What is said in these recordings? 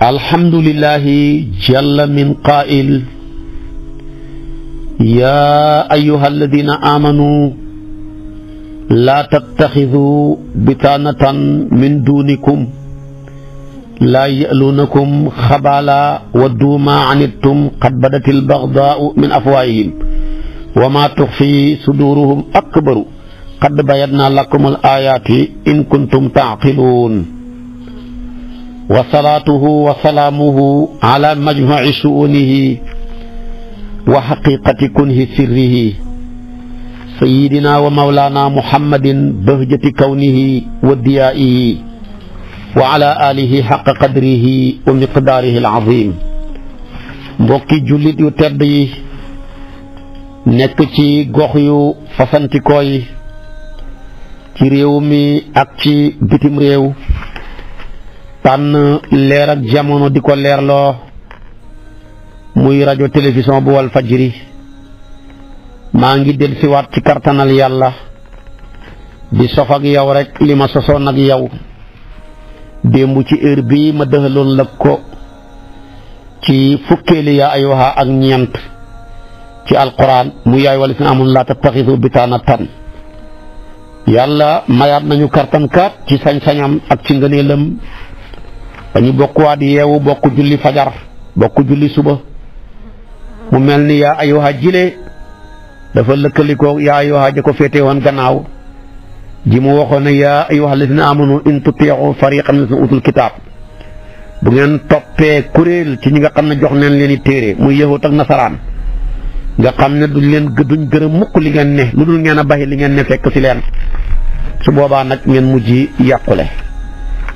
alhamdulillahi jalla min qaa'il yaa ayyuha alladina aamanu laa tattaxidu bitaanatan min duunikum laa ya'luunakum xabaala wadduu maa anittum qad badati albagdaau min afwaahihim wa maa tuxfi suduuruhum akbaru qad bayyannaa lakum al aayaati in kuntum taaqiluun wa salaatuhu wa salaamuhu ala majmaci suunihi wa xaqiqati kunhi sirrihi sayidina wa mawlaana muhammadin bahjati kawnihi wa diyaa'ihi wa ala aalihi xaqa qadrihi wa miqdaarihi alazim mbokki jullit yu tedd yi nekk ci gox yu fasantikoo yi ci réew mi ak ci bitim réew tànn leerak jamono di ko leerloo muy rajo télévision bu wal fajiri maa ngi del siwaat ci kartanal yàlla di sof ak yow rek li ma sosoon ak yow démb ci heure bi ma dëxaloon la ko ci fukkeeli yaa ay waxa ak ñeent ci alquran mu yaay wala sina amun laa tattaxisu bitaana tan yàlla mayaat nañu kartan kaat ci sañ-sañam ak ci ngëneelam dañu bokk waa di yeewu bokk julli fajar bokk julli suba mu mel ni yaa ayyuha jile dafa lëkkalikoo yaa ayyuha ja ko féete woon gannaaw ji mu waxoon na ne yaa ayyuha alladina amanu in tutiixu fariqan min utul kitaab bu ngeen toppee kuréel ci ñi nga xam ne jox neen leen i téere muy yahut ak nasaraan nga xam ne duñ leen duñ gërëm mukk li ngeen ne lu dul ngeen a baxi li ngeen ne fekk si leen su boobaa nag ngeen mujj yàqule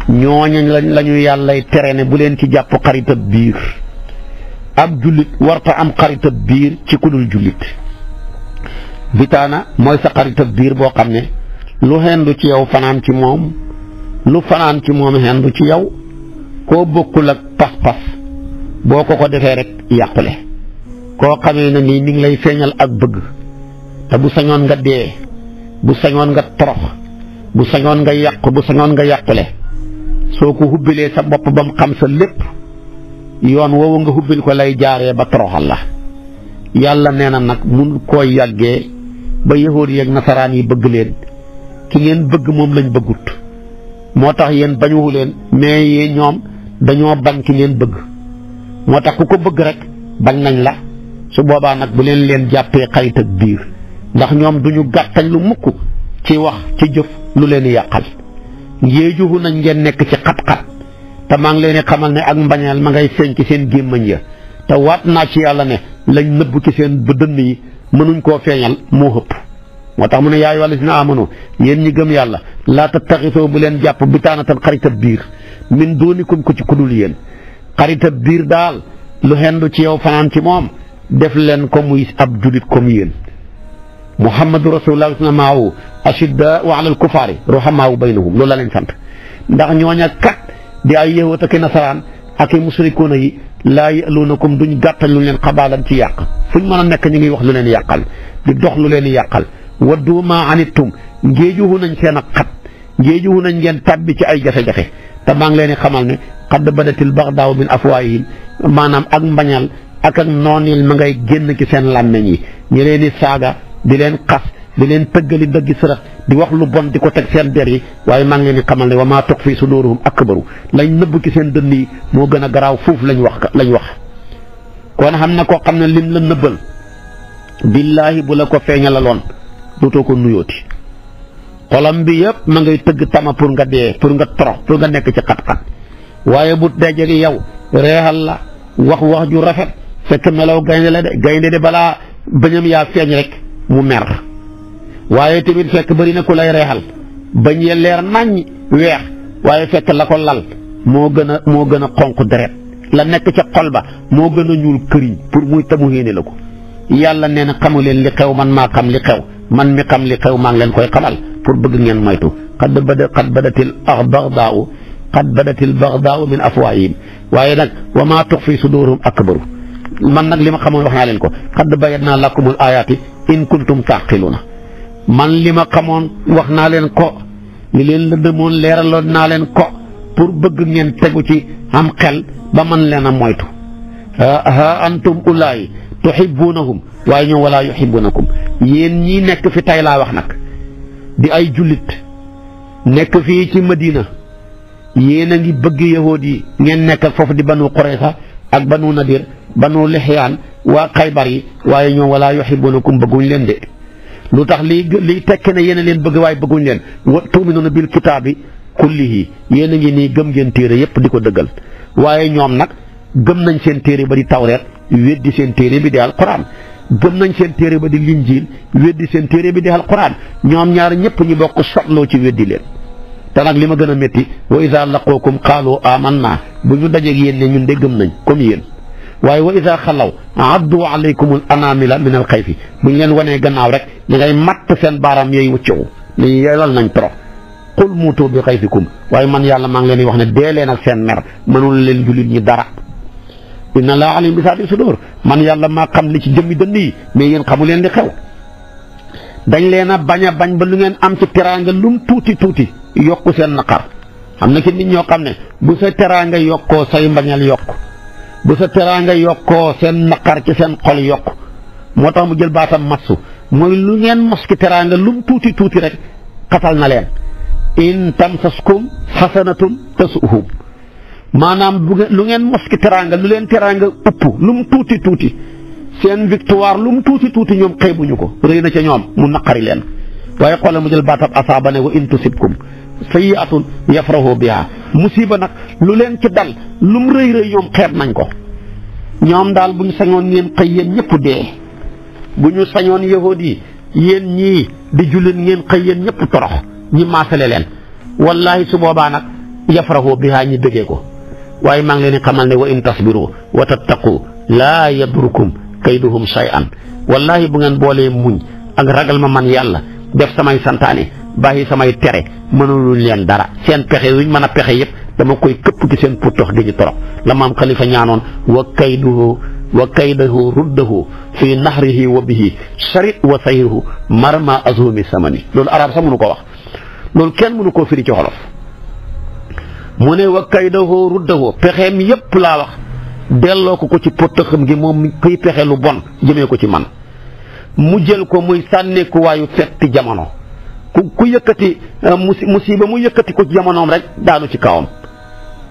ñoo lañ la ñu yàllay tere ne bu leen ci jàpp xaritab biir ab jullit warta am xaritab biir ci ku dul jullit bitaana mooy sa xaritab biir boo xam ne lu xendu ci yow fanaan ci moom lu fanaan ci moom xendu ci yow koo bokkul ak pas-pas boo ko ko defee rek yàqule koo xamee na nii mi ngi lay feeñal ak bëgg te bu sañoon nga dee bu sañoon nga torox bu sañoon nga yàq bu sañoon nga yàqule soo ko hubbilee sa bopp ba mu xam sa lépp yoon woowu nga hubbil ko lay jaaree ba toroxal la yàlla nee na nag mun koo yàggee ba yahuud yeeg nasaraan yi bëgg leen ki ngeen bëgg moom lañ bëggut moo tax yéen bañuwu leen mais yéen ñoom dañoo bañ ki ngeen bëgg moo tax ku ko bëgg rekk bañ nañ la su boobaa nag bu leen leen jàppee xarit ak biir ndax ñoom duñu gàttañ lu mukk ci wax ci jëf lu leen yàqal yéejuhu nañ ngeen nekk ci xat-xat te maa ngi leen di xamal ne ak mbañeel ma ngay feeñ ci seen gémmañ ya te waat naa ci yàlla ne lañ nëbb ci seen dënn yi mënuñ koo feeñal moo ëpp moo tax mu ne yaa ayyuhal lazina aamanu yéen ñi gëm yàlla laa tattaxisoo bu leen jàpp bitaanatan xaritab biir min doonikum ko ci kudul yéen xaritab biir daal lu xendu ci yow fanaan ci moom def leen ko muy ab julit comme yéen mu rasulullah na maahu ashiddaau ala alkufaari ruhamaau baynahum loolu la leen sant ndax ñooña kat di ay yëwat ak nasaraan ak i musrikuuna yi laa yaluunakum duñ gàttal ñu leen xabaalan ci yàq fuñ mën a ñu ngi wax lu leen yàqal di dox lu leen yàqal waddu maa anittum ngéejuhu nañ seen ak xat ngéejuhu nañ ngeen tàbbi ci ay jafe-jafe te maa ngi leen di xamal ne xadd badatil baxdaaw min afwaayihim maanaam ak mbañal aka ak noonil ma ngay génn ci seen làmmeñ yi ñi leen di saaga di leen xas di leen tëggali dëggi sërëx di wax lu bon di ko teg seen der yi waaye maa ngi leen di maa ne fii su tuxfi suduuruhum akbaru lañ nëbb ci seen dënn yi moo gën a garaaw foofu lañ wax lañ wax. kon xam na koo xam ne lim la nëbbal billaahi bu la ko feeñalaloon dootoo ko nuyooti xolam bi yëpp ma ngay tëgg tama pour nga dee pour nga torox pour nga nekk ci xat-xat waaye bu dajeeg yow reexal la wax wax ju rafet fekk melaw gaynde la de gaynde de balaa bañam yaa feeñ rek. mu mer waaye tamit fekk bëri na ku lay reexal bañ ye leer naññ weex waaye fekk la ko lal moo gën a moo gën a xonq deret la nekk ca xol ba moo gën a ñuul këriñ pour muy tamu héene la ko yàlla nee na xamu leen li xew man maa xam li xew man mi xam li xew maa ngi leen koy xamal pour bëgg ngeen moytu xad bada xad badatil baxdaau xad badatil baxdaau min afwaayihim waaye nag wa maa fii su fi suduurum akbaru man nag li ma xamoon wax naa leen ko xadd bayat naa lakkumul ayaati in kuntum taqiluna man li ma xamoon wax naa leen ko li leen lëndëmoon leeraloon naa leen ko pour bëgg ngeen tegu ci am xel ba man leen a moytu ha antum ulaayi tuhibbunahum waaye ñoom wala yuhibbunakum yéen ñii nekk fi tey laa wax nag di ay jullit nekk fii ci Madina yéen a ngi bëgg yahood yi ngeen nekkal foofu di banu Qurayza ak banu Nadir banu lixyaan waa xaybar yi waaye ñoom walaa yuhibunakum bëgguñ leen de lu tax lii lii tekki ne yéen leen bëgg waaye bëgguñ leen wa tuminuuna bil kitaabi kullihi yéen a ngi nii gëm ngeen téere yépp di ko dëggal waaye ñoom nag gëm nañ seen téere ba di tawreet weddi seen téere bi di alquran gëm nañ seen téere ba di linjiil weddi seen téere bi di alquran ñoom ñaar ñëpp ñu bokk sotloo ci weddi leen te nag li ma gën a métti wa iza laqookum qaalu amanna bu ñu dajeeg yéen ne ñun de gëm nañ comme yéen waaye wa ida xalaw addu alaykum al anamila min al xayfi bu ñu leen wanee gannaaw rek da ngay matt seen baaraam yooyu wucciwu ni yelal nañ trop qul muutu bi xayfikum waaye man yàlla maa ngi leen di wax ne dee leen ak seen mer mënul leen jullit ñi dara inna laa alim bi saati sudur man yàlla maa xam li ci jëmmi dënn yi mais yéen xamu leen li xew dañ leen a bañ a bañ ba lu ngeen am ci teraanga lum tuuti tuuti yokku seen naqar xam na ki nit ñoo xam ne bu teraanga yokkoo say mbañal yokk bu sa teraanga yokkoo seen naqar ci seen xol yokk moo tax mu jël baatam matsu mooy lu ngeen mos ki teraanga mu tuuti tuuti rek xatal na leen in tamsaskum xasanatun tasuhum maanaam bu lu ngeen mos ki teraanga lu leen teraanga lu mu tuuti tuuti seen lu mu tuuti tuuti ñoom xeebuñu ko rëy na ca ñoom mu naqari leen waaye xoolal mu jël baatam asaaba ne wa in tusibkum sayyi'atun yafrahu biha musiba nag lu leen ci dal lu mu rëy rëy ñoom xeet nañ ko ñoom daal bu ñu sañoon ngeen xëy yéen ñëpp dee bu ñu sañoon yahuud yi yéen ñii di jullit ngeen xëy yéen ñëpp torox ñi maasale leen wallahi su boobaa nag yafrahu biha ñi bëggee ko waaye maa ngi leen xamal ne wa in tasbiru wa tattaqu laa yadurkum kayduhum shay'an wallahi bu ngeen boolee muñ ak ragal ma man yàlla def samay santaane bàyyi samay tere mënaluñ leen dara seen pexe yuñ mën a pexe yëpp dama koy këpp ci seen puttox gi ñu torop la maam xalifa ñaanoon wa kayduhu wa kaydahu ruddahu fi nahrihi wa bihi sarit wa sayruhu marma sama samani loolu arab sax mënu ko wax loolu kenn mënu koo firi ci xolof mu ne wa kaydahu ruddahu pexeem yépp laa wax delloo ko ko ci pottaxam gi moom kuy pexe lu bon jëmee ko ci man mu jël ko muy sànneekuwaayu setti jamono ku ku yëkkati eh, musiba mu yëkkati ko jamonoom rek daanu ci kawam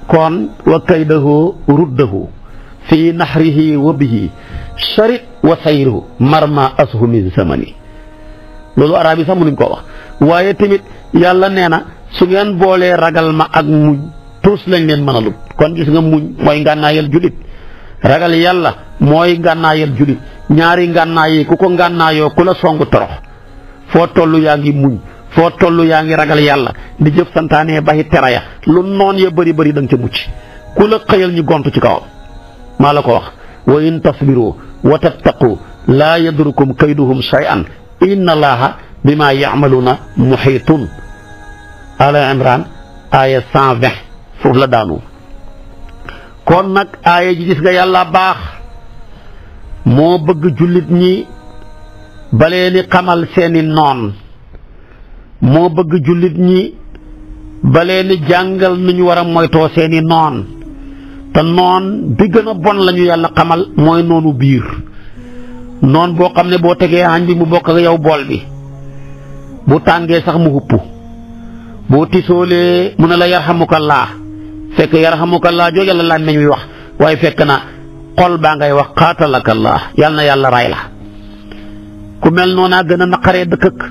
kon wa kaydahu ruddahu fi nahrihi wa bihi sharit wa sayruhu marma ashu min zamani loolu araab yi sax mënuñ koo wax waaye tamit yàlla nee na su ngeen boolee ragal ma ak muñ tuus lañ leen mën kon gis nga muñ mooy ngànnaayal julit ragal yàlla mooy ngànnaayal julit ñaari ngànnaay yi ku ko ngànnaayoo ku la songu torox foo toll yaa ngi muñ foo toll yaa ngi ragal yàlla di jëf santaane bàyyi tera ya lu noon ya bëri bëri da nga ca mucc ku la xëyal ñu gont ci kawam maa la ko wax wa in tasbiru wa tattaqu laa yadrukum kayduhum shay'an inna allaha bima ya'maluna muhiitun ala imran aaya cent vingt foofu la daanu kon nag aaya ji nga yàlla baax moo bëgg jullit ñi balee ni xamal seeni noon moo bëgg jullit ñi ba leen jàngal nu ñu war a moytoo seeni noon te noon bi gën a bon lañu yàlla xamal mooy noonu biir noon boo xam ne boo tegee añ bi mu bokk ak yow bool bi bu tàngee sax mu hupp boo tisoolee mu na la yarxamukallaa fekk yarxamukallaa jooju la làmmiñ wi wax waaye fekk na xol baa ngay wax xaatalakallaa yàlla yàlla ray la ku mel noonaa gën a naqaree dëkk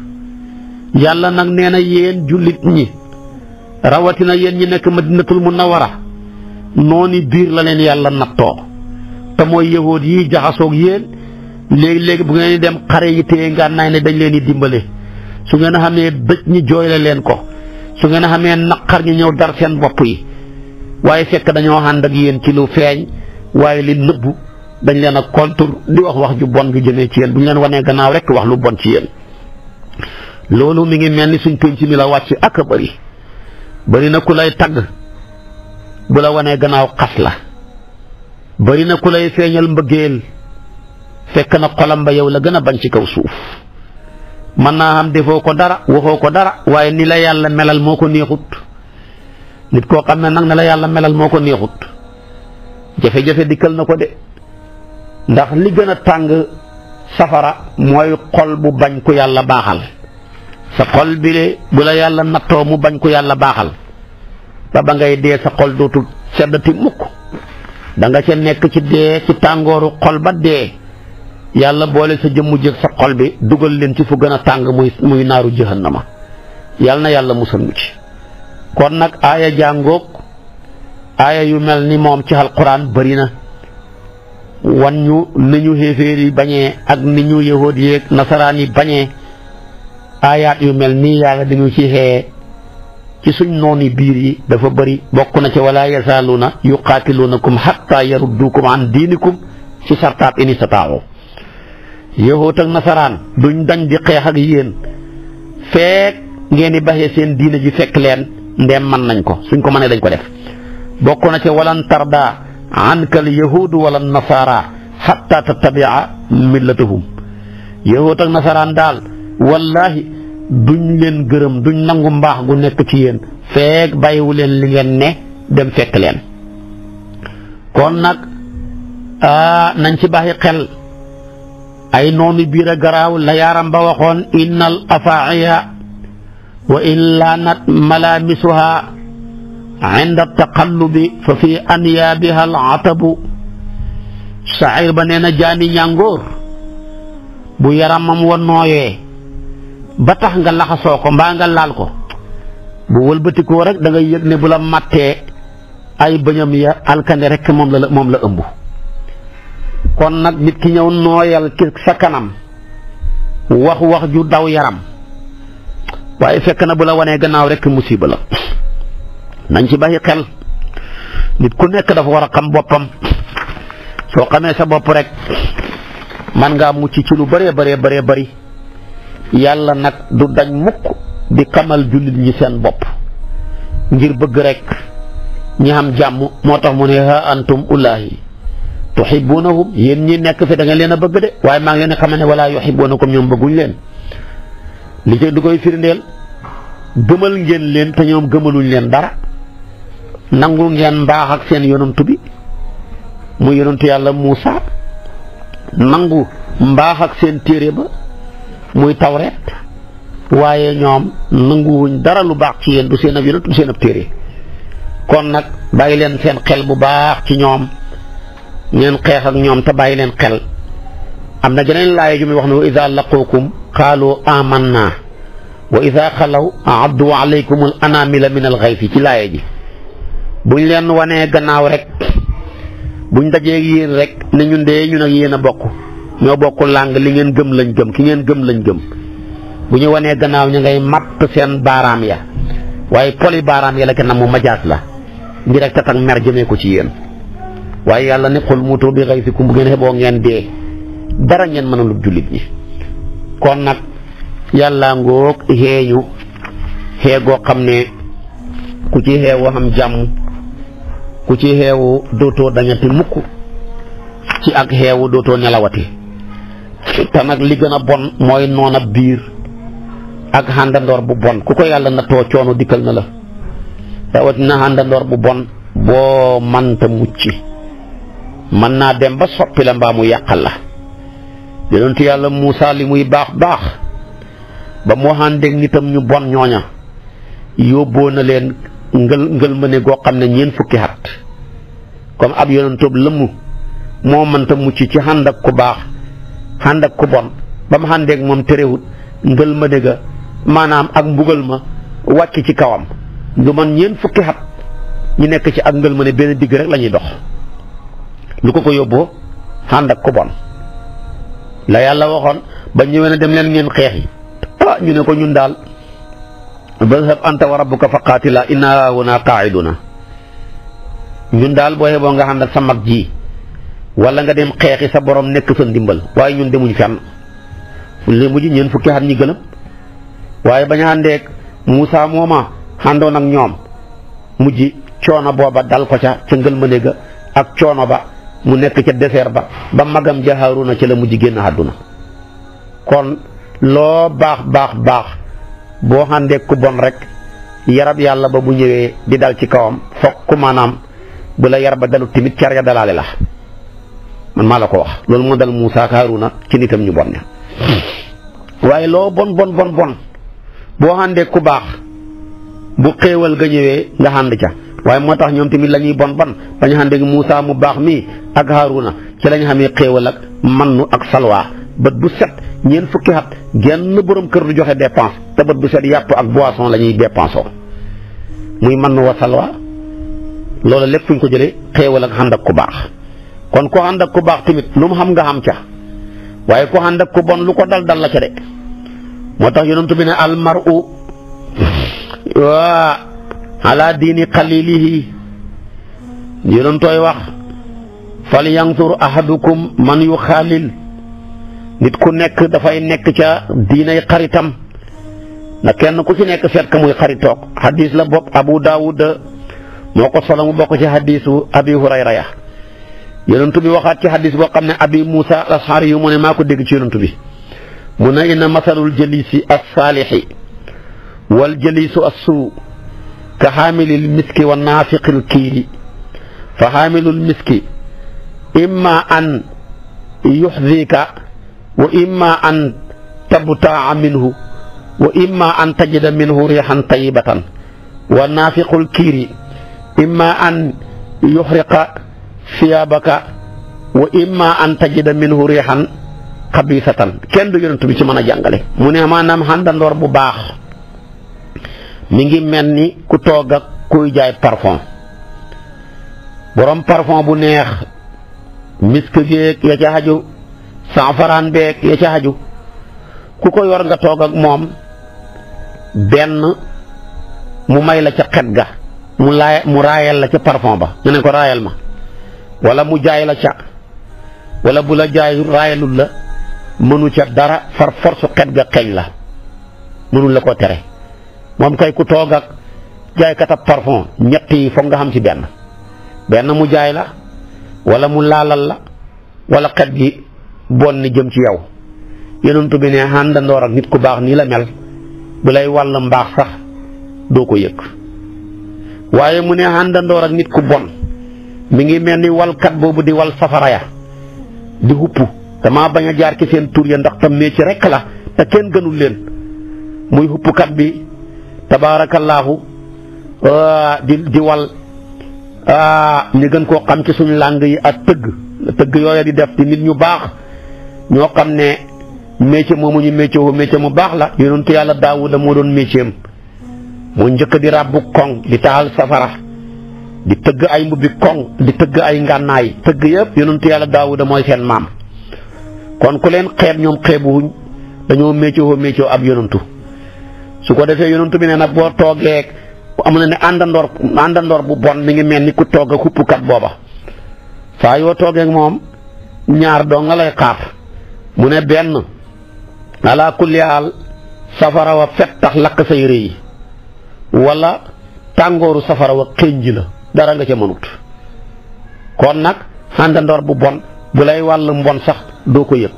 yàlla nag nee na yéen jullit ñi rawatina yéen ñi nekk ma mun madinatul munawara noonu biir la leen yàlla nattoo te mooy yahood yi jaxasoog yéen léegi léegi bu ngeen dem xare yi téye ngànnaay ne dañ leen di dimbale su ngeen xamee bëj ñi jooyle leen ko su ngeen a xamee naqar ñi ñëw dar seen bopp yi waaye fekk dañoo ànd ak yéen ci lu feeñ waaye li nëbbu dañ leen a kontur di wax wax ju bon ju jëmee ci yenn bu ñu leen wanee gannaaw rekk wax lu bon ci yéen loolu mu ngi mel ni suñ penc mi la wàcc ak bari bëri na ku lay tagg bu la wanee gannaaw xas la bëri na ku lay feeñal mbëggeel fekk na xolam ba yow la gën a bañ ci kaw suuf mën naa xam defoo ko dara waxoo ko dara waaye ni la yàlla melal moo ko neexut nit koo xam ne nag ne la yàlla melal moo ko neexut jafe-jafe dikkal na ko de ndax li gën a tàng safara mooy xol bu bañ ku yàlla baaxal sa xol bile bu la yàlla nattoo mu bañ ko yàlla baaxal ba ba ngay dee sa xol dootul seddati mukk da ca nekk ci dee ci tàngooru xol ba dee yàlla boole sa jëmmu jëg sa xol bi dugal leen ci fu gën a tàng muy muy naaru jahannama yàlla na yàlla musal mu ci kon nag aaya jàngoog aaya yu mel ni moom ci alquran bëri na wan ñu ni ñu xéeféer yi bañee ak ni ñu yahood yeeg nasaraan yi bañee aayaat yu mel nii yàlla dañu ci xee ci suñ nooni biir yi dafa bëri bokk na ci wala yazaaluuna yuqaatiluunakum xatta yarudduukum an diinikum ci sartaab ini sataaw yahuut ak nasaraan duñ dañ di xeex ak yéen feek ngeen di baxee seen diina ji fekk leen ndeem mën nañ ko suñ ko manee dañ ko def bokk na ci walan tarda anka al yahuudu walla nasaara xatta tattabia millatahum yahuut ak nasaraan daal wallahi duñ gërëm duñ nangu mbaax gu nekk ci yéen feeg bàyyiwu leen ne dem fekk leen kon nag nañ ci bàyyi xel ay noonu biir a garaaw la yaaram ba waxoon inna al afaa'iya wa in laanat malaamisuha inda taqallubi fa fi anyaabiha al atabu saxir ba nee na jaani ñàngoor bu yaramam wa nooyee ba tax nga laxasoo ko mbaa nga laal ko bu wëlbatikoo rek da nga yëg ne bu la màttee ay bëñam ya alkande rek moom la moom la ëmb kon nag nit ki ñëw nooyal ci sa kanam wax wax ju daw yaram waaye fekk na bu la wanee gannaaw rek musiba la nañ ci bàyyi xel nit ku nekk dafa war a xam boppam soo xamee sa bopp rek man ngaa mucc ci lu bëree bëree bëree bari yàlla nag du dañ mukk di xamal jullit ñi seen bopp ngir bëgg rekk ñi xam jàmm moo tax mu ne ha antum ulaahi tuhibbunahum yéen ñi nekk fi da leen a bëgg de waaye maa ngi leen a xamal ne wala yuhibbunakum ñoom bëgguñ leen li ci du koy firndeel gëmal ngeen leen te ñoom gëmaluñ leen dara nangu ngeen mbaax seen yonantu bi mu yonantu yàlla Muusa nangu mbaax seen téere ba muy tawreet waaye ñoom nanguwuñ dara lu baax ci yéen du seen ab yonent du seen ab téere kon nag bàyyi leen seen xel bu baax ci ñoom ngeen xeex ñoom te bàyyi leen xel am na geneen laay ju muy wax ne wa ida laquukum qaalu amanna wa ida xalaw addu alaykum al anamila min al xayfi ci laaya ji buñ leen wanee gannaaw rek buñ dajee yéen rek ne ñun dee ñun ak yéen a bokk ñoo bokk làng li ngeen gëm lañ gëm ki ngeen gëm lañ gëm bu ñu wanee gannaaw ñu ngay matt seen baaraam ya waaye poli baaraam ya la kenn mu majaas la ngir rek tatak mer jëmee ko ci yéen waaye yàlla ne xul mutu bi xëy si kum ngeen xeboo ngeen dee dara ngeen mën a lub jullit ñi kon nag yàlla ngoog xeeñu xee goo xam ne ku ci xeewu xam jàmm ku ci xeewu dootoo dañati mukk ci ak xeewu dootoo nelawati te nag li gën a bon mooy noon ab biir ak xàndandoor bu bon ku ko yàlla nattoo coono dikkal na la rawatina xàndandoor bu bon boo manta mucc mën naa dem ba soppi la mbaa mu yàqal la yonentu yàlla Muusaa li muy baax baax ba mu xàndeek nitam ñu bon ñooña yóbboo na leen ngël ngël ma ne goo xam ne ñeent fukki at comme ab yonentoob lëmm moo mënta mucc ci xànd ku baax xànd ak ku bon ba mu xàndeeg moom terewut ngël ma dëgga maanaam ak mbugal ma wàcc ci kawam lu man ñeent fukki xat ñu nekk ci ak ngël ma ne benn digg rek la dox lu ko ko yóbboo xànd ak ku bon la yàlla waxoon ba ñëwee na dem leen ngeen xeexi yi ah, ñu ne ko ñun daal badhab anta wa rabbuka fa qaatila inna huna qaa'iduna ñun daal boo xeboo nga xam sa mag ji wala nga dem xeexi sa borom nekk sa ndimbal waaye ñun demuñ fenn li mujj ñeen fukki at ñi gëlëm waaye bañ a àndeeg Moussa mooma àndoon ak ñoom mujj coono booba dal ko ca ca ngëlmane ga ak coono ba mu nekk ca désert ba ba magam ja Haaruna ca la mujj génn àdduna kon loo baax baax baax boo xandeek ku bon rek yarab yàlla ba bu ñëwee di dal ci kawam fokk maanaam bu la yar ba dalut tamit car ya dalaale la man maa la ko wax loolu moo dal Moussa Haaruna ci nitam ñu bon ne waaye loo bon bon bon bon boo àndee ku baax bu xéewal ga ñëwee nga ànd ca waaye moo tax ñoom tamit lañuy bon bon ba ñu àndee mu baax mii ak Haaruna ci la ñu xamee xéewal ak mannu ak salwaa bët bu set ñeent fukki at genn borom kër du joxe dépense te bët bu set yàpp ak boisson la ñuy dépensé muy mannu wa salwaa loolu lépp fu ñu ko jëlee xéewal ak ànd ak ku baax. kon ku ànd ak ku baax tamit lu mu xam nga xam ca waaye ku ànd ak ku bon lu ko dal dal la ca de moo tax bi ne almaru waa ala diini xalilihi yonentooy wax fal yanzur ahadukum man yu xaalil nit ku nekk dafay nekk ca diinay xaritam na kenn ku ci nekk seet ka muy xaritoog la bopp abu daawud moo ko solo mu bokk ci xadiisu abi hurayra ya yonent bi waxaat ci xadis boo xam ne abi Moussa al Ashari yu mu ne maa ko dégg ci yonent bi mu ne inna masalul jëliisi assaalixi wal jëliisu assuu ka xaamilil miski wa naafiqil kiiri fa xaamilul miski imma an yuxdika wa imma an tabtaa minhu wa imma an tajida minhu riixan tayibatan wa naafiqul kiiri imma an yuxriqa siyaabaka wa imma an tajida minhu riixan xabiisatan kenn du yonent bi ci mën a jàngale mu ne maanaam xàndandoor bu baax mi ngi mel ni ku toog ak kuy jaay parfum borom parfum bu neex misk géeg ya ca xaju sanfaraan beeg ya ca xaju ku ko yor nga toog ak moom benn mu may la ca xet ga mu laay mu raayal la ca parfon ba ñu ne ko raayal ma wala mu jaay la ca wala bu la jaay raayalul la mënu ca dara far force xet ga xeeñ la mënul la ko tere moom kay ku toog ak jaaykat ab parfum ñett yi foog nga xam ci benn benn mu jaay la wala mu laalal la wala xet gi bon ni jëm ci yow yonent bi ne àndandoor ak nit ku baax nii la mel bu lay wàll mbaax sax doo ko yëg waaye mu ne àndandoor ak nit ku bon mi ngi mel ni walkat boobu di wal safara ya di hupp damaa bañ a jaar ci seen tur ya ndax tam métier rekk la te kenn gënul leen muy huppkat bi tabaarakallaahu ah, di di wal ah, ñu gën koo xam ci suñu làng yi ak tëgg tëgg yooya di def di nit ñu baax ñoo xam ne métier moomu ñu métier wu métier mu baax la yonentu yàlla Daawuda moo doon métier am mu njëkk di ràbbu koŋ di taal safara di tëgg ay mbubbi koŋ di tëgg ay ngànnaay tëgg yëpp yonentu yàlla daawuda mooy seen maam kon ku leen xeeb ñoom xeebuwuñ dañoo méccoo méccoo ab yonentu su ko defee yonentu bi nee na boo toogee am na ne àndandoor àndandoor bu bon mi ngi mel ni ku toog a xuppukat booba saa yoo toogee moom ñaar doo nga lay xaar mu ne benn ala kulli haal safara wa fet tax lakk say rëy wala tàngooru safara wa xënj la dara nga ca mënut kon nag àndandoor bu bon bu lay wàll mbon sax doo ko yëg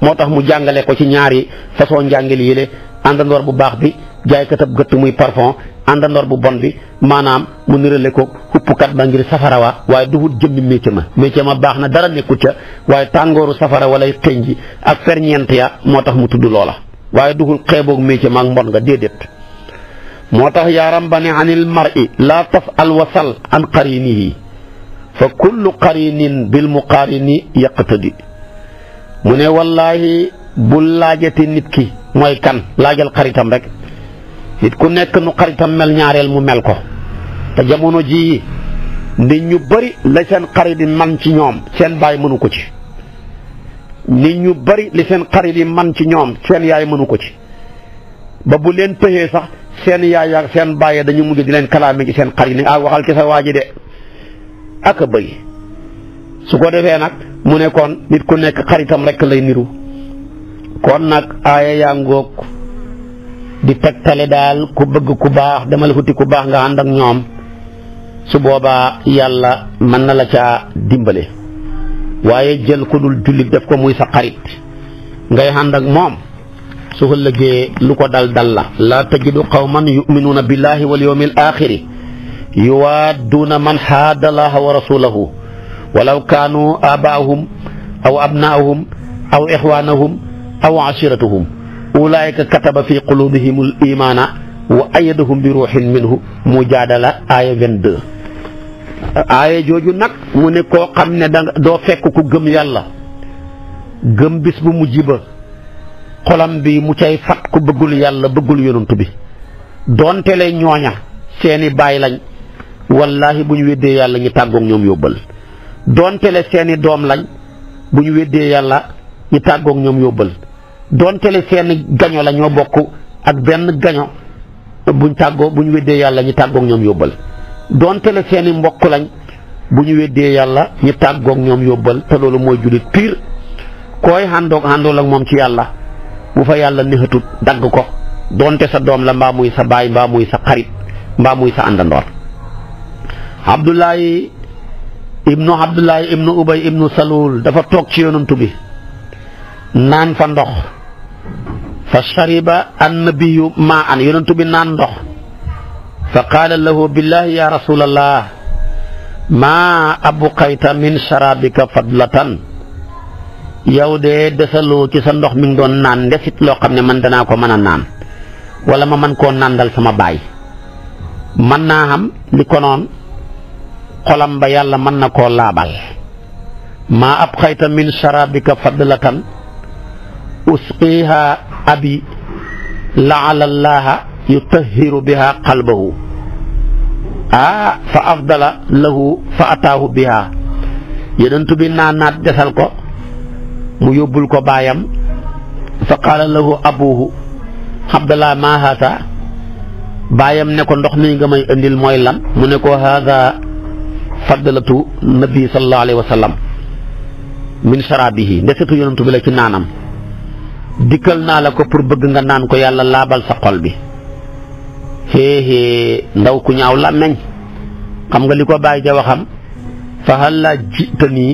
moo tax mu jàngale ko ci ñaari façon njàngil yile àndandoor bu baax bi jaaykatab gëtt muy parfon àndandoor bu bon bi maanaam mu nirale ko xuppkat ba ngir safara wa waaye du wut jëmmi métier ma baax na dara nekkut ca waaye tàngooru safara wala xëñ ji ak ferñeent ya moo tax mu tudd loola waaye duhul xeeboog métier ma ak mbon nga déedéet moo tax yaaram ba ne anil mar'i laa taf'al wasal an qarinihi fa kullu qarinin bil muqarini yaqtadi mu ne wallaahi bu laajati nit ki mooy kan laajal rek nit ku nekk nu xaritam mel ñaareel mu mel ko te jamono jii nit ñu bari la seen xarit man ci ñoom seen baay mënu ko ci nit ñu bari li seen xarit yi man ci ñoom seen yaay mënu ko ci ba bu leen sax seen yaay ak seen bàyyi dañu mujj di leen kalaame ci seen xar yi ne ah waxal ci sa waa ji de ak a bëy su ko defee nag mu ne kon nit ku nekk xaritam rek lay niru kon nag aaya yaa ngoog di tegtale daal ku bëgg ku baax demal xuti ku baax nga ànd ak ñoom su boobaa yàlla mën na la caa dimbale waaye jël ku dul jullit def ko muy sa xarit ngay ànd ak moom su ko lëggee lu ko dal dal la laa tajidu qawman yuminuuna billahi wal yawmil axiri yuwaadduuna man xaada allaha wa rasulahu walaw kaanu abaahum aw abnaahum aw ixwaanahum aw ashiratuhum ulaayika kataba fi qulubihim al imaana wa ayadahum bi ruuxin minhu mujaadala aaya 22 aaya jooju nag mu ne koo xam ne da doo fekk ku gëm yàlla gëm bis bu mujj ba xolam bi mu cay fat ku bëggul yàlla bëggul yonantu bi doonte le ñooña seeni baay lañ wallaahi bu ñu weddee yàlla ñi tàggoog ñoom yóbbal doonte seeni doom lañ bu ñu weddee yàlla ñi tàggoog ñoom yóbbal donte le seeni gaño la ñoo bokk ak benn gaño buñ tàggoo bu ñu weddee yàlla ñu tàggoog ñoom yóbbal donte le seeni mbokk lañ bu ñu weddee yàlla ñu tàggoog ñoom yóbbal te loolu mooy jullit pire kooy xàndoog xàndool moom ci yàlla bu fa yàlla neexatul dagg ko doonte sa doom la mbaa muy sa baay mbaa muy sa xarit mbaa muy sa àndandoor Abdullahi ibnu Abdullahi ibnu Ubay ibnu Salul dafa toog ci yonantu bi naan fa ndox fa shariba annabiyu maa an yonantu bi naan ndox fa qaala lahu billahi ya rasulallah maa abuqayta min sharabika fadlatan yow de desaloo ci sa ndox mi ngi doon naan ndesit loo xam ne man danaa ko mën a naan wala ma mën koo nàndal sama baay man naa xam li konoon xolam ba yàlla mën na koo laabal maa ab xayta min sharabika fadlatan usqiha abi laallallaha yutahiru biha qalbahu ah fa afdala lahu fa ataahu biha yenentu bi naanaat desal ko mu yóbbul ko baayam fa qaala lahu abuhu abdallah ma haata baayam ne ko ndox mi nga may indil mooy lan mu ne ko haada faddalatu nabi sallallahu alayhi wa sallam min sharabihi ndesetu yonantu bi la ci naanam dikkal naa la ko pour bëgg nga naan ko yàlla laabal sa xol bi xéexée ndaw ku ñaaw làmmeñ xam nga li ko bàyyi ja waxam fa hal laa jiita nii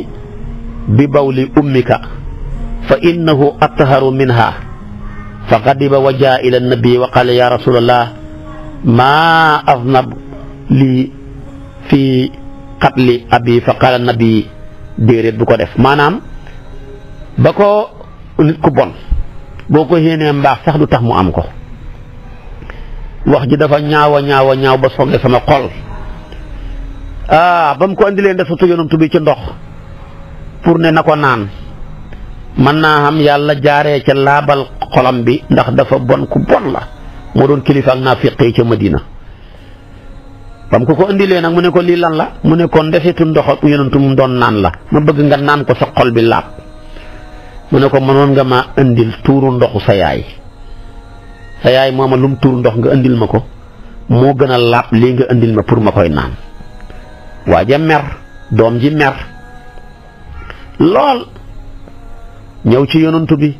bi bawli ummika fa innahu atharu minha fa qadiba wa jaa ila annabi wa qala ya rasulallah ma aznab lii fii qatli abi fa qala annabi déedéet bu ko def maanaam ba ko nit ku bon boo ko yéenee mbaax sax du tax mu am ko wax ji dafa ñaawa ñaawa ñaaw ba songee sama xol ah ba mu ko andi leen def sa tujonam tubi ci ndox pour ne na ko naan mën naa xam yàlla jaare ca laabal xolam bi ndax dafa bon ku bon la moo doon kilifa ak naafiqi ca Madina bam ku ko indilee nag mu ne ko lii lan la mu ne ko ndesetu ndox yonentu mu doon naan la ma bëgg nga naan ko sa xol bi laab mu ne ko mënoon nga ma indil tuuru ndoxu sa yaay sa yaay mooma lu mu tuur ndox nga indil ma ko moo gën a laab lii nga indil ma pour ma koy naan waaja mer doom ji mer lool ñëw ci yonantu bi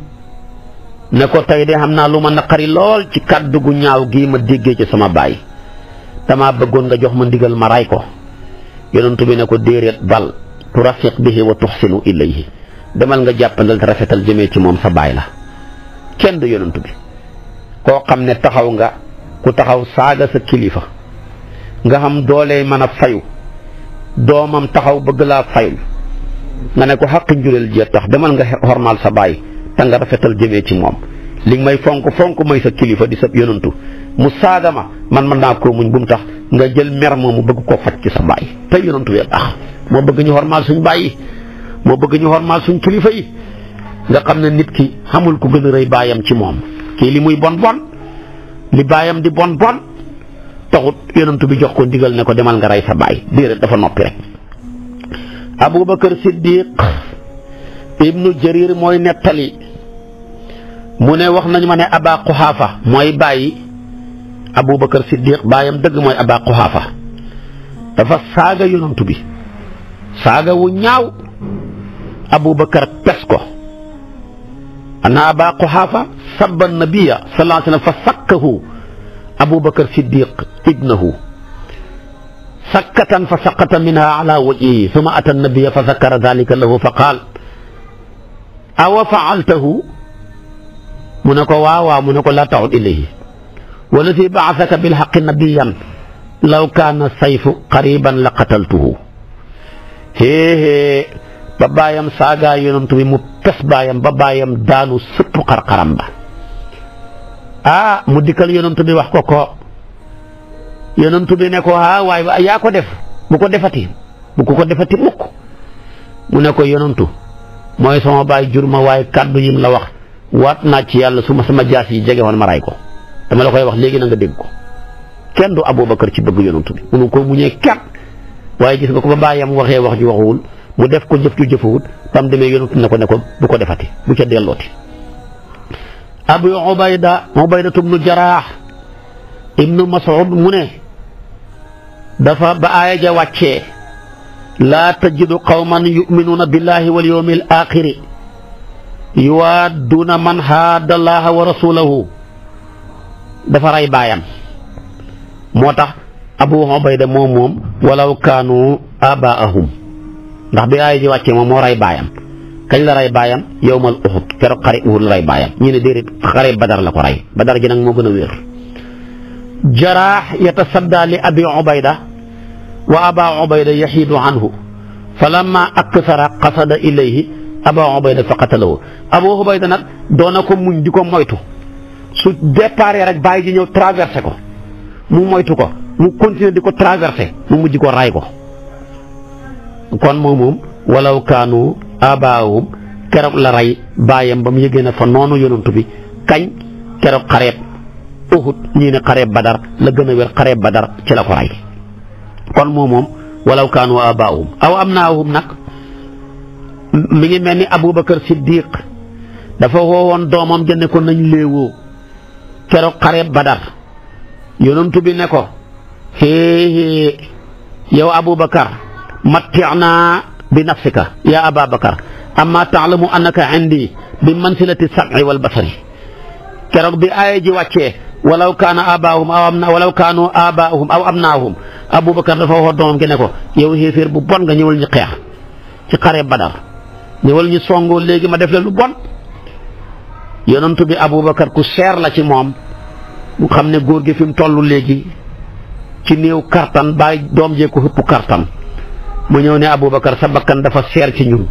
ne ko tey de xam naa lu ma naqari lool ci kàddu gu ñaaw gi ma déggee ci sama baay dama bëggoon nga jox ma ndigal ma ray ko yonantu bi ne ko déeréet bal turafiq bihi wa tuxsinu ilayhi demal nga jàppandal rafetal jëmee ci moom sa baay la kenn du yonantu bi koo xam ne taxaw nga ku taxaw saaga sa kilifa nga xam doole mën a fayu doomam taxaw bëgg laa fayul ma ne ko xàq njureel jee tax demal nga xormaal sa baay te nga rafetal jëmee ci moom li may fonk fonk may sa kilifa di sa yonantu mu saaga ma man mën naa koo muñ bu tax nga jël mer moomu bëgg koo faj ci sa baay te yonantu wee tax moo bëgg ñu xormaal suñ baay yi moo bëgg ñu xormaal suñ kilifa yi nga xam ne nit ki xamul ku gën rey baayam ci moom kii li muy bon bon li baayam di bon bon taxut yonantu bi jox ko ndigal ne ko demal nga rey sa baay déedéet dafa noppi rek abubakar siddiq ibnu jarir mooy nettali mu ne wax nañu ma ne aba quxaafa mooy bàyyi abubakar siddiq bàyyam dëgg mooy aba quxaafa dafa saaga yonantu bi saaga wu ñaaw abubakar pes ko ana aba quxaafa sabba nabiya sallallahu alayhi wa sallam fa sakkahu abubakar siddiq ibnahu سكة فسقط منها على وجهه ثم أتى النبي فذكر ذلك له فقال أو فعلته mu ne ko waaw waaw mu ne ko laa ta'ud ilayhi wallazi ba'athaka bilhaqqi nabiyyan law kaana sayfu qariban la qataltuhu héehée ba baayam saagaa yonantu bi mu pes baayam ba baayam daanu sëpp xar-xaram ba ah mu dikkal yonantu bi wax ko ko yonantu bi ne ko ah waaye yaa ko def bu ko defati bu ko ko defati mukk mu ne ko yonantu mooy sama baay jur waaye kàddu yim la wax waat naa ci yàlla su ma sama jaas yi jege woon ma ray ko dama la koy wax léegi na nga dégg ko kenn du Aboubacar ci bëgg yonantu bi munu ko muñee kat waaye gis nga ko ba baayam waxee wax ji waxuwul mu def ko jëf ju jëfawut bam demee yonantu ne ko bu ko defati bu ca dellooti abu ubayda ubaydatu bnu jaraax mu ne dafa ba aaya ja wàccee laa tajidu qawman yuminuuna billahi wal yawmi al axiri yuwaadduuna man haadda allaha wa rasulahu dafa rey baayam moo tax abu ubayda moom moom walaw kaanu abaahum ndax bi aaya ji wàccee moom moo rey baayam kañ la rey baayam yowmal uxud keroog xare uxud la rey baayam ñu ne déedéet xare badar la ko rey badar ji nag moo gën a wér jaraax yatasadda li abi ubayda wa aba ubayda yaxiidu anhu fa lamma aksara qasada ilayhi aba ubayda fa qatalahu abu ubayda nag doona ko muñ di ko moytu su départ rek bàyyi ji ñëw traversé ko mu moytu ko mu continuer di ko traversé mu mujj ko ray ko kon moom moom walaw kaanu abaawum keroog la rey bàyyam ba mu yëgee na fa noonu yonantu bi kañ keroog xareeb Uhud ñii ne xareeb Badar la gën a wér xareeb Badar ci la ko rey kon moom moom walaw kaanu abaahum aw abnaahum nag mi ngi mel ni Aboubacar Siddiq dafa woowoon doomam ja ne ko nañ léewoo keroog xareeb Badar yonantu bi ne ko xéexée yow Aboubacar matti'naa bi nafsika yaa Ababakar amma taalamu annaka indi bi mansilati sam'i wal basari keroog bi aaya ji wàccee walaw kaana abaahum aw walaw Aboubacar dafa waxoon doomam ki ne ko yow xéeféer bu bon nga ñëwal ñu xeex ci xare Badar ñëwal ñu songoo léegi ma def la lu bon yonantu bi Aboubacar ku seer la ci moom mu xam ne góor gi fi mu toll léegi ci néew kartan bàyyi doom jee ko xëpp kartan mu ñëw ne Aboubacar sa bakkan dafa seer ci ñun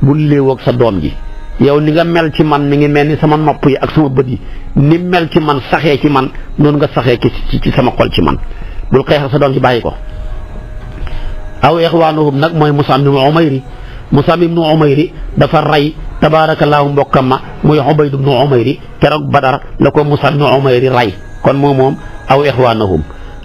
bu léewoo ak sa doom ji yow ni nga mel ci man mi ngi mel ni sama nopp yi ak sama bët yi ni mel ci man saxee ci man noonu nga saxee ci sama xol ci man bul xeex ak sa doom bàyyi ko aw ixwaanuhum nag mooy Mus'ab ibnu Umayri Mus'ab ibnu Umayri dafa rey tabaarakallaahu ma muy Ubayd ibnu Umayri keroog Badar la ko Mus'ab ibnu Umayri rey kon moom moom aw ixwaanuhum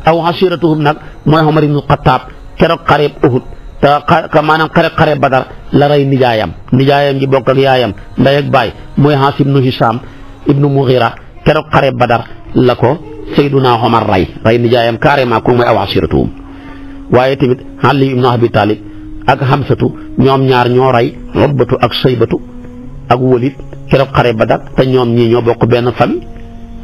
aw asiratuhum nag mooy Umar ibnu Xattaab keroog xareeb Uhud te xa maanaam Badar la rey nijaayam nijaayam ji bokk yaayam ndey ak baay muy Haas ibnu Hisaam ibnu Mughira keroog xare Badar la ko. naa Omar rey rey nijaayam carrément ku mooy aw asiratuhum waaye tamit Ali ibnu Abi Talib ak xamsatu ñoom ñaar ñoo rey Utbatu ak Saybatu ak Walid keroog xare Badar te ñoom ñii ñoo bokk benn fan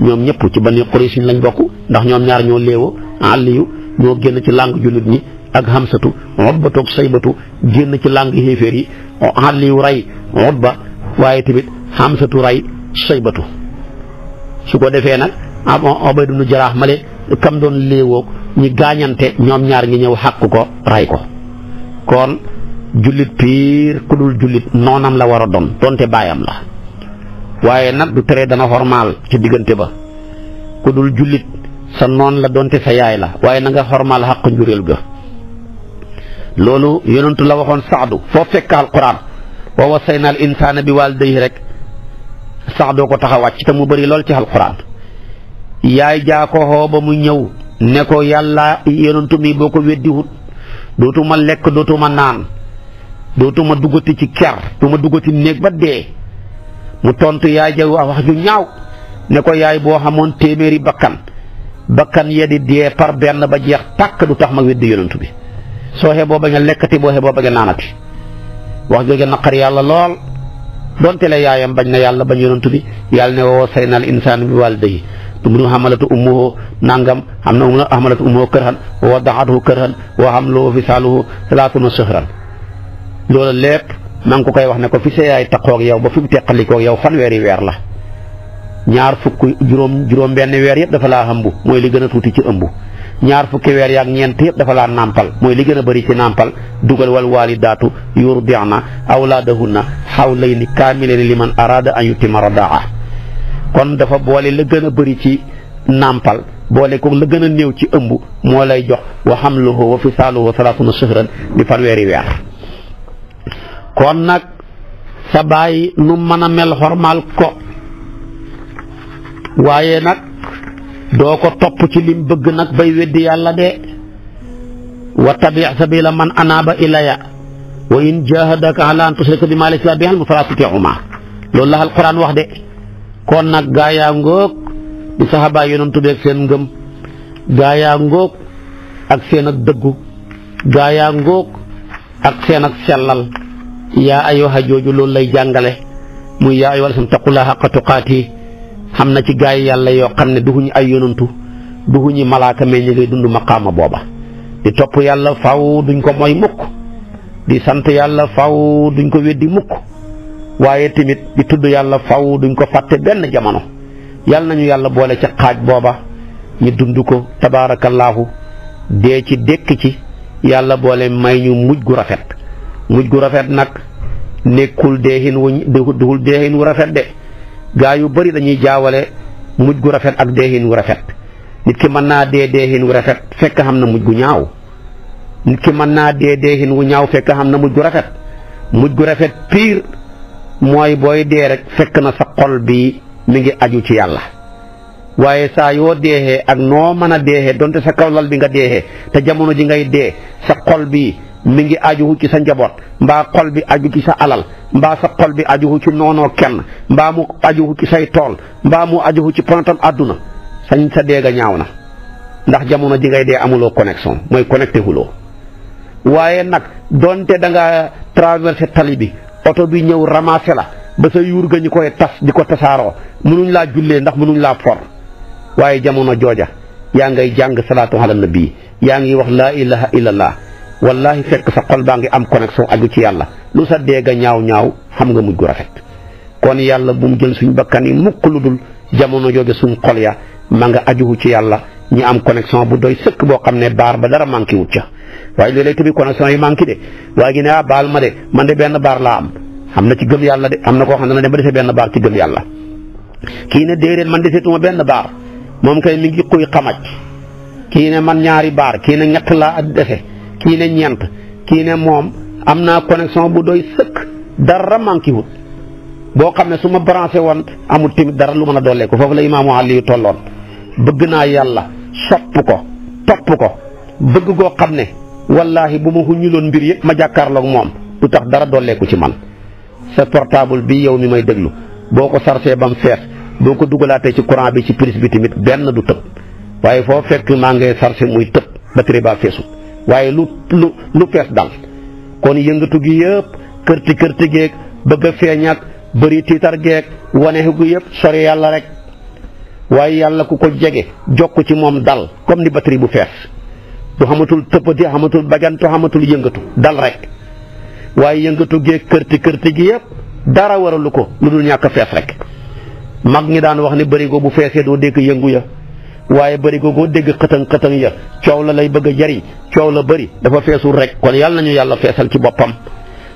ñoom ñëpp ci Bani Quraysh lañ bokk ndax ñoom ñaar ñoo léewoo Ali ñoo génn ci làng jullit ñi ak Hamsatu Utbatu Saybatu génn ci làng xéeféer yi Ali rey Utba waaye tamit Hamsatu rey Saybatu su ko defee nag Ubayd ibnu Jaraax male kam doon léewoog ñi gaañante ñoom ñaar ngi ñëw xàq ko ray ko kon jullit piir ku dul jullit noonam la war a doon donte baayam la waaye nag du tere dana xormaal ci diggante ba ku dul jullit sa noon la donte sa yaay la waaye nanga nga xormaal xàq njuréel ga loolu yonentu la waxoon saadu foo fekk alquran wa wasayna al insaana bi waalidayhi rek saadoo ko taxawaat ci wàcc te mu bëri lool ci alquran yaay jaakoxoo ba mu ñëw ne ko yàlla yonantu mi boo ko weddiwut dootuma lekk dootuma naan dootuma duggati ci ker dootuma duggati néeg ba dee mu tontu yaay ja wax ju ñaaw ne ko yaay boo xamoon téeméeri bakkan bakkan ya di dee par benn ba jeex tàkk du tax ma weddi yonantu bi soo xeboo ba nga lekkati boo xeboo ba nga naanati wax jooju naqar yàlla lool donte la yaayam bañ na yàlla bañ yonantu bi yàlla ne woo saynal insaan bi wàll waalidayhi ibnu hamalatu ummuhu nangam am na umna hamalatu ummuhu kërhan wa wadaxatuhu kërhan wa hamluhu fisaaluhu salaatuna sëhran loola lépp maa koy wax ne ko fi sa taqoog yow ba fi mu teqalikoog yow fanweeri weer la ñaar fukki juróom juróom benn weer yëpp dafa laa ëmb mooy li gën a tuuti ci ëmbu ñaar fukki weer yaak ñeent yëpp dafa laa nàmpal mooy li gën a bëri ci nàmpal dugal wal na yurdi'na awlaadahunna hawlayni kaamilayni liman araada an yutimma radaa kon dafa boole la gën a bari ci nàmpal boole ko la gën a néew ci ëmb moo lay jox wa hamluhu wa fisaaluhu salaasuna shahran di fanweeri weer kon nag sa baay nu mën a mel xormaal ko waaye nag doo ko topp ci lim bëgg nag bay weddi yàlla de wa tabi sabila man anaaba ilaya wa in jahadaka ala an tushrika bi ma laysa bihi fa laa tuti'uhumaa loolu la alquran wax de kon nag gaa yaa ngóog di saxabaa yonantu beeg seen ngëm gaa yaa ngóog ak seen ak dëggu gaa yaa ngóog ak seen ak sellal yaa ayyuha jooju loolu lay jàngale muy yaa ayyuha llaziina taqullaaha haqqa tuqaati xam na ci gaa yi yàlla yoo xam ne duhuñu ay yonantu duhuñu malaaka mais ñu ngay dund maqaama booba di topp yàlla faw duñ ko moy mukk di sant yàlla faw duñ ko weddi mukk waaye tamit di tudd yàlla faw duñ ko fàtte benn jamono yàlla nañu yàlla boole ca xaaj booba ñu dund ko tabaarakallaahu dee ci dékk ci yàlla boole may ñu mujj gu rafet mujj gu rafet nag nekkul deexin wuñ duhul deexin wu rafet de gaa yu bari dañuy jaawale mujj gu rafet ak deexin wu rafet nit ki mën naa dee deexin wu rafet fekk xam na mujj gu ñaaw nit ki mën naa dee deexin wu ñaaw fekk xam na mujj gu rafet mujj gu rafet pire mooy booy dee rek fekk na sa xol bi mi ngi aju ci yàlla waaye saa yoo deexee ak noo mën a deexee donte sa kawlal bi nga deexee te jamono ji ngay dee sa xol bi mi ngi ajuhu ci sa njaboot mbaa xol bi aju ci sa alal mbaa sa xol bi ajuhu ci noonoo kenn mbaa mu ajuhu ci say tool mbaa mu ajuhu ci ponatam àdduna sañ sa deega ñaaw na ndax jamono ji ngay dee amuloo connexion mooy connecté huloo waaye nag donte da nga tali bi oto bi ñëw ramassé la ba sa yuur ga ñu koy tas di ko tasaaroo mënuñ laa jullee ndax mënuñ laa for waaye jamono jooja yaa ngay jàng salaatu na bii yaa ngi wax laa ilaha illallah wallahi fekk sa xol baa ngi am connexion aju ci yàlla lu sa dee ga ñaaw ñaaw xam nga mujj gu rafet kon yàlla bu mu jël suñ bakkan yi mukk lu dul jamono jooja suñu xol ya ma nga ajuhu ci yàlla ñu am connexion bu doy sëkk boo xam ne baar ba dara manqué wut ca waaye léeg-léeg tamit connexion yi manqué de waaye gi ne ah baal ma de man de benn baar laa am am na ci gëm yàlla de am na koo xam ne dana dem ba dese benn baar ci gëm yàlla. kii ne déedéet man deseetuma benn baar moom kay mi kuy xamaj kii ne man ñaari baar kii ne ñett laa dese kii ne ñeent kii ne moom am naa connexion bu doy sëkk dara manqué wut boo xam ne su ma branché woon amul tamit dara lu mën a dollee ko foofu la imaamu Aliyu tolloon bëgg naa yàlla. sopp ko topp ko bëgg goo xam ne wallaahi bu ma xuñuloon mbir yëpp ma jàkkaarloog moom du tax dara doo dolleeku ci man sa portable bi yow mi may déglu boo ko sarcee ba mu fees boo ko dugalaatee ci courant bi ci prise bi tamit benn du tëb waaye foo fekk maa ngay muy tëb batterie ba feesul waaye lu lu lu fees dal kon yëngatu gi yëpp kërti kërti geeg bëgg a bëri tiitar geeg wane gu yëpp sori yàlla rek waaye yàlla ku ko jege jokk ci moom dal comme ni batterie bu fees du xamatul tëppati xamatul bajantu xamatul yëngatu dal rek waaye yëngatu gee kërti kërti gi yëpp dara waralu ko lu dul ñàkk fees rek mag ñi daan wax ne bërigo bu feesee doo dégg yëngu ya waaye bërigo goo dégg xëtëng xëtëng ya coow la lay bëgg a jariñ coow la bëri dafa feesul rek kon yàlla ñu yàlla feesal ci boppam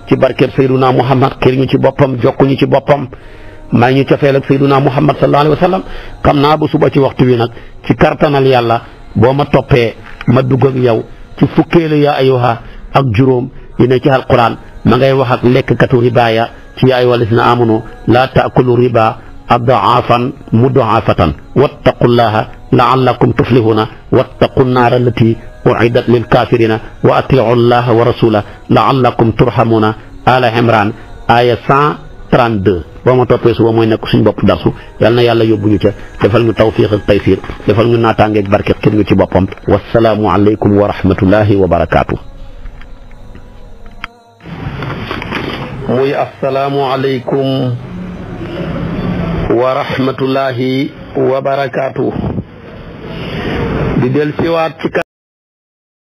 ci barkeb Sayyiduna xam xir ñu ci boppam jokkuñu ci boppam may ñu cofeel ak sayyiduna muhammad sallallahu alayhi wa sallam xam naa bu suba ci waxtu wi nag ci kartanal yàlla boo ma toppee ma dugg ak yow ci fukkeelu yaa ayyuha ak juróom yi ne ci alquran ma ngay wax ak lekkatu riba ya ci yaa ayyuha alladina amanu laa taakulu riba adaafan mudaafatan wattaqullaha laallakum tuflihuna wattaqu naara allati uidat lil kafirina wa atiu llaha wa rasula laallakum turhamuna ala imran aya 132 boo ma toppee suba mooy nekk suñu bopp darsu yal na yàlla yóbbuñu ca defal ñu tawfiq ak taysiir defal ñu naataangeeg barke kër ñu ci boppam wasalaamu aleykum wa rahmatullahi wa barakaatu. muy asalaamu aleykum wa rahmatullahi wa barakaatu. di